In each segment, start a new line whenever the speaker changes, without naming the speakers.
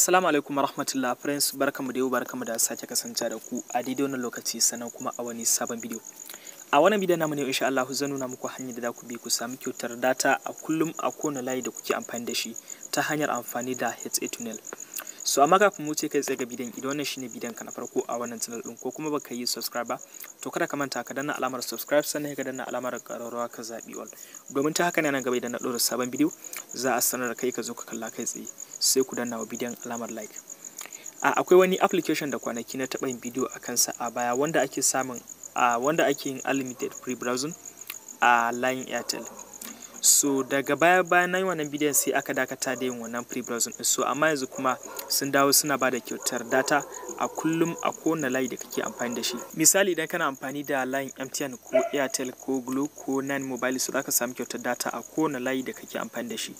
Assalamu alaikum warahmatullah friends barkamu da yau barkamu da sake kasance da ku a daidai wannan lokaci sannan kuma a wani sabon bidiyo. A wannan bidiyon namu ne insha Allah zan nuna muku hanyar da za ku bi ku samu kyautar data a kullum a kowane layi da kuke amfani da shi ta hanyar amfani da HA tunnel. so amma kafin mu ce kai tsaye ga bidiyon idan wannan shine bidiyon ka na farko a wannan channel din ko kuma baka yi subscribe ba to kada ka manta ka danna alamar subscribe sannan ka danna alamar ƙararrawa ka zabi all domin ta haka ne nan gaba idan na ɗora sabon bidiyo za a sanar da kai ka zo ka kalla kai tsaye sai ku danna wa bidiyon alamar like a akwai wani application da kwanaki na taɓa yin bidiyo a kansa a baya wanda ake samun a wanda ake yin unlimited free browsing a line airtel so daga baya baya na yi wannan bidiyon sai aka dakata da yin wannan pre browsing din so amma yanzu kuma sun dawo suna bada kyautar data a kullum a kowane layi da kake amfani da shi misali idan kana amfani da layin mtn ko airtel ko glo ko nine mobile so zaka samu kyautar data a kowane layi da kake amfani da shi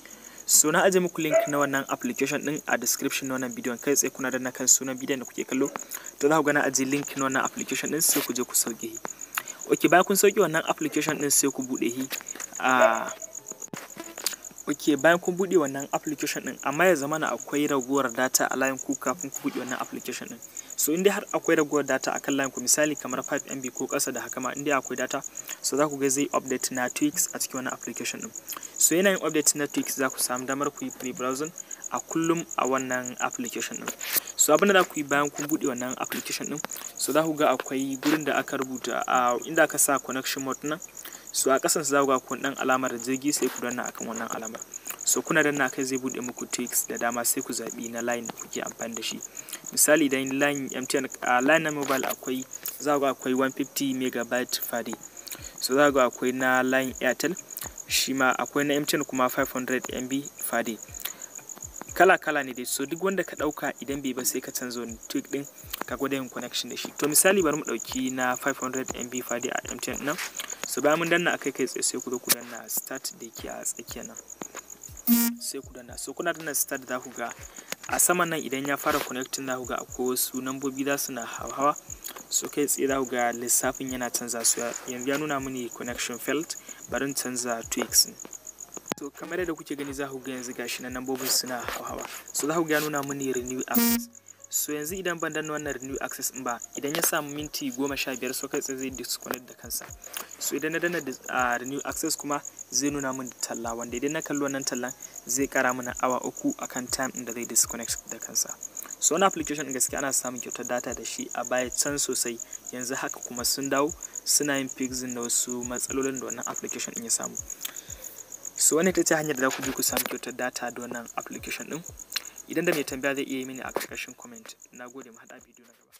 so na aje muku link na wannan application din a description na wannan bidiyon kai tsaye kuna da na kan sunan bidiyon da kuke kallo to za ku ga na aje link na wannan application din sai ku je ku sauke ok bayan kun sauke wannan application din sai ku bude hi a ah, ok bayan kun buɗe wannan application ɗin amma ya zamana akwai ragowar data a layin ku kafin ku buɗe wannan application ɗin so in har akwai ragowar data akan layin ku misali kamar 5 MB ko ƙasa da haka ma in dai akwai data so za ku ga zai update na a cikin wannan application ɗin so yana yin update na za ku samu damar ku yi free browsing a kullum a wannan application ɗin so abin da za ku yi bayan kun buɗe wannan application ɗin so za ku ga akwai gurin da aka rubuta a inda aka sa connection mode nan so a kasan su za ku ga kun dan alamar jirgi sai ku danna akan wannan alamar so kuna danna kai zai bude muku text da dama sai ku zabi na line da kuke amfani da shi misali idan line MTN a line na mobile akwai za ku ga akwai 150 megabyte per day so za ku ga akwai na line Airtel shi ma akwai na MTN kuma 500 MB per day kala kala ne dai so duk wanda ka dauka idan bai ba sai ka canza wani tweak din ka gwada yin connection da shi to misali bari mu dauki na 500 MB per day a MTN nan no? so bayan mun danna akai kai tsaye sai ku zo ku danna start da yake a tsakiya nan sai ku danna so kuna danna start za ku ga a saman nan idan ya fara connecting za ku ga akwai wasu nambobi za su na hawa so kai tsaye za ku ga lissafin yana canza su yanzu ya nuna mini connection failed bari in canza tweaks so kamar yadda kuke gani za ku ga yanzu gashi na nambobin suna hawa so za ku ga nuna mini renew app. so yanzu idan ban danna wannan renew access din ba idan ya samu minti goma sha biyar so kai zai disconnect da kansa so idan na danna renew access kuma zai nuna min talla wanda idan na kalli wannan tallan zai kara mana awa uku akan time din da zai disconnect da kansa so wani application din gaskiya ana samun kyautar data da shi a baya can sosai yanzu haka kuma sun dawo suna yin fixing da wasu matsalolin da wannan application din ya samu so wannan ita ce hanyar da za ku je ku samu kyautar data da wannan application din idan da mai tambaya zai iya yi mini a ƙarƙashin comment na gode mu haɗa bidiyo na gaba